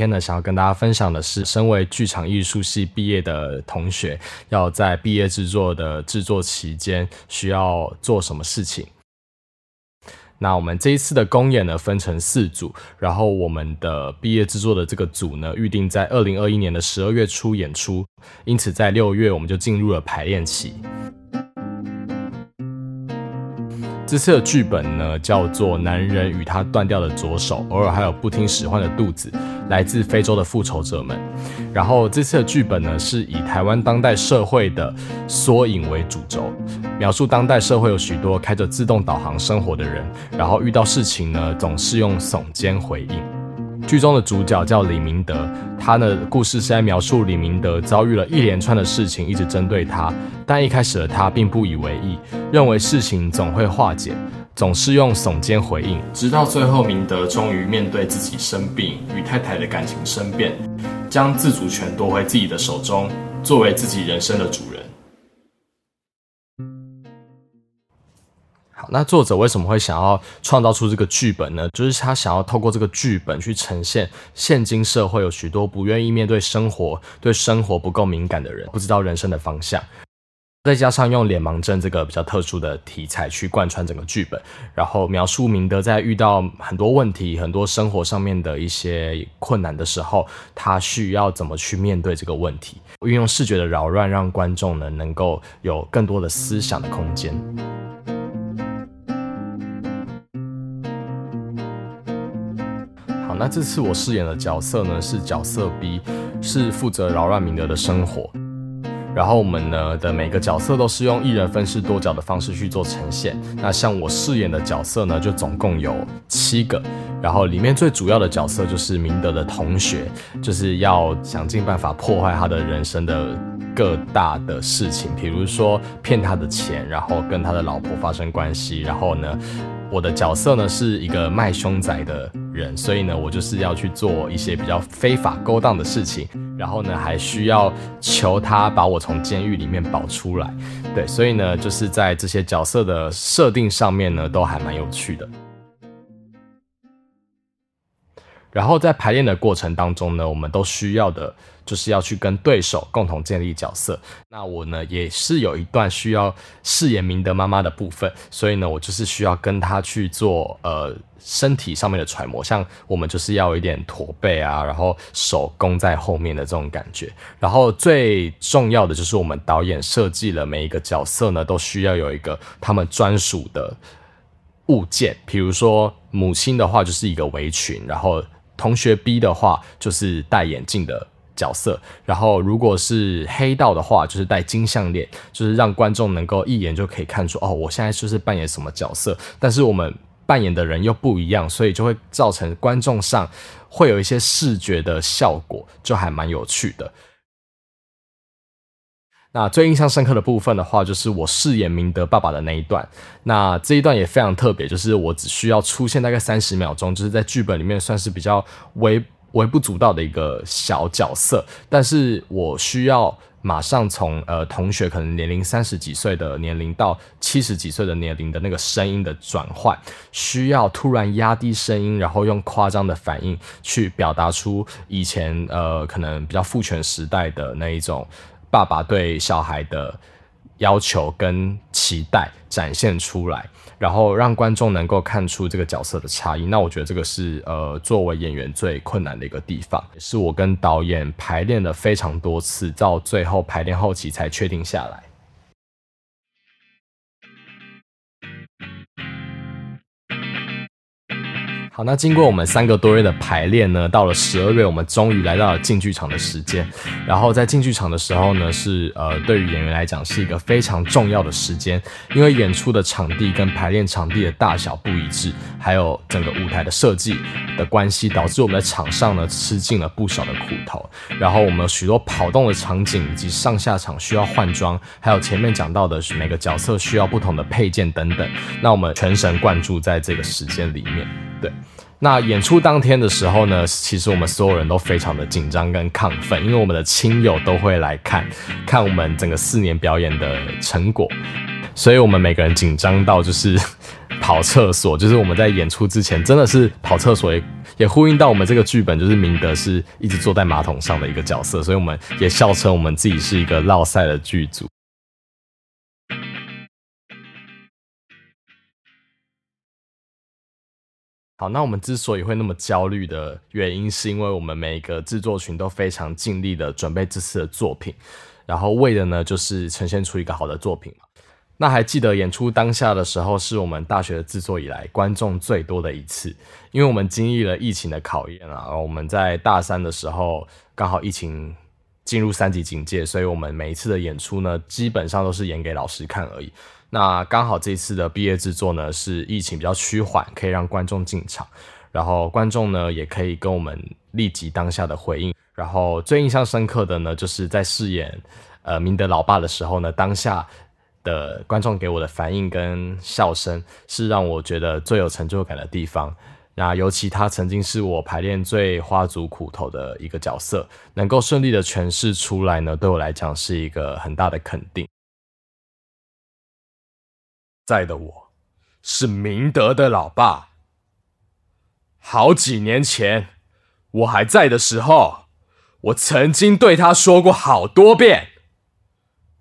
今天呢，想要跟大家分享的是，身為劇場藝術系畢業的同學，要在畢業製作的製作期間需要做什麼事情。那我們這一次的公演呢，分成四組，然後我們的畢業製作的這個組呢，預定在二零二一年的十二月初演出，因此在六月我們就進入了排練期。這次的劇本呢，叫做《男人與他斷掉的左手》，偶爾還有不聽使喚的肚子。來自非洲的復仇者們，然後這次的劇本呢，是以台灣當代社會的縮影為主軸，描述當代社會有許多開着自動導航生活的人，然後遇到事情呢總是用聳肩回應。劇中的主角叫李明德，他的故事是在描述李明德遭遇了一連串的事情，一直針對他，但一開始的他並不以為意，認為事情總會化解，總是用聳肩回應，直到最後明德終於面對自己生病與太太的感情生變，將自主權奪回自己的手中，作為自己人生的主人。好，那作者為什麼會想要創造出這個劇本呢？就是他想要透過這個劇本去呈現，現今社會有許多不願意面對生活、對生活不夠敏感的人，不知道人生的方向。再加上用臉盲症這個比較特殊的題材去貫穿整個劇本，然後描述明德在遇到很多問題、很多生活上面的一些困難的時候，他需要怎麼去面對這個問題。運用視覺的擾亂，讓觀眾呢能夠有更多的思想的空間。好，那這次我飾演的角色呢，是角色 B，是負責擾亂明德的生活。然後我們呢的每個角色都是用一人分飾多角的方式去做呈現。那像我飾演的角色呢，就總共有七個。然後裡面最主要的角色就是明德的同學，就是要想盡辦法破壞他的人生的各大的事情，比如說騙他的錢，然後跟他的老婆發生關係。然後呢，我的角色呢是一個賣凶宅的人，所以呢我就是要去做一些比較非法勾當的事情，然後呢還需要求他把我從監獄裡面保出來，對，所以呢就是在這些角色的設定上面呢都還蠻有趣的。然後在排練的過程當中呢，我們都需要的就是要去跟對手共同建立角色。那我呢也是有一段需要飾演明德媽媽的部分，所以呢我就是需要跟她去做呃身體上面的揣摩，像我們就是要有一點駝背啊，然後手弓在後面的這種感覺。然後最重要的就是我們導演設計了每一個角色呢，都需要有一個他們專屬的物件，比如說母親的話就是一個圍裙，然後，同學 B 的話就是戴眼鏡的角色，然後如果是黑道的話就是戴金項鏈，就是讓觀眾能夠一眼就可以看出哦，我現在就是扮演什麼角色。但是我們扮演的人又不一樣，所以就會造成觀眾上會有一些視覺的效果，就還蠻有趣的。那最印象深刻的部分的話，就是我飾演明德爸爸的那一段。那這一段也非常特別，就是我只需要出現大概三十秒鐘，就是在劇本裡面算是比較微微不足道的一個小角色，但是我需要馬上從呃同學可能年齡三十幾歲的年齡到七十幾歲的年齡的那個聲音的轉換，需要突然壓低聲音，然後用誇張的反應去表達出以前呃可能比較父權時代的那一種。爸爸對小孩的要求跟期待展現出來，然後讓觀眾能夠看出這個角色的差異，那我覺得這個是呃，作為演員最困難的一個地方，是我跟導演排練了非常多次，到最後排練後期才確定下來。好，那經過我們三個多月的排練呢，到了十二月，我們終於來到了進劇場的時間。然後在進劇場的時候呢，是呃，對於演員來講是一個非常重要的時間，因為演出的場地跟排練場地的大小不一致，還有整個舞台的設計的關係，導致我們在場上呢吃盡了不少的苦頭。然後我們有許多跑動的場景以及上下場需要換裝，還有前面講到的每個角色需要不同的配件等等，那我們全神貫注在這個時間裡面。對，那演出當天的時候呢，其實我們所有人都非常的緊張跟亢奮，因為我們的親友都會來看看我們整個四年表演的成果，所以我們每個人緊張到就是跑廁所，就是我們在演出之前真的是跑廁所也，也也呼應到我們這個劇本，就是明德是一直坐在馬桶上的一個角色，所以我們也笑稱我們自己是一個烙賽的劇組。好，那我們之所以會那麼焦慮的原因，是因為我們每個制作群都非常盡力的準備這次的作品，然後為的呢，就是呈現出一個好的作品嘛。那還記得演出當下的時候，是我們大學的制作以來觀眾最多的一次，因為我們經歷了疫情的考驗啊，我們在大三的時候剛好疫情。進入三級警戒，所以我們每一次的演出呢，基本上都是演給老師看而已。那剛好這次的畢業制作呢，是疫情比較趨緩，可以讓觀眾進場，然後觀眾呢也可以跟我們立即當下的回應。然後最印象深刻的呢，就是在飾演，呃，明德老爸的時候呢，當下的觀眾給我的反應跟笑聲，是讓我覺得最有成就感的地方。那尤其他曾經是我排練最花足苦頭的一個角色，能夠順利的詮釋出來呢，對我來講是一個很大的肯定。在的我是明德的老爸。好幾年前我還在的時候，我曾經對他說過好多遍，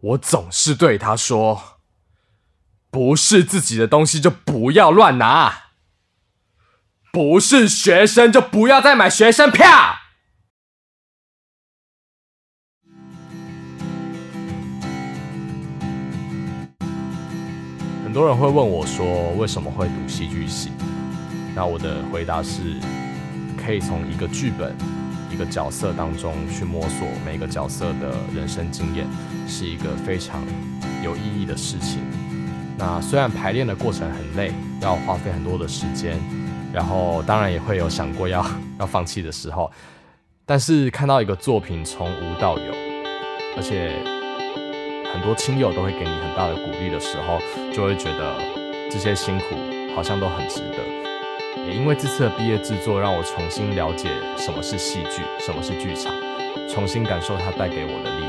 我總是對他說，不是自己的東西就不要亂拿。不是學生就不要再買學生票。很多人會問我說：“為什麼會讀戲劇系？”那我的回答是：可以從一個劇本、一個角色當中去摸索每個角色的人生經驗，是一個非常有意義的事情。那雖然排練的過程很累，要花費很多的時間。然後當然也會有想過要要放棄的時候，但是看到一個作品從無到有，而且很多親友都會給你很大的鼓勵的時候，就會覺得這些辛苦好像都很值得。也因為這次的畢業製作，讓我重新了解什麼是戲劇，什麼是劇場，重新感受它帶給我的力量。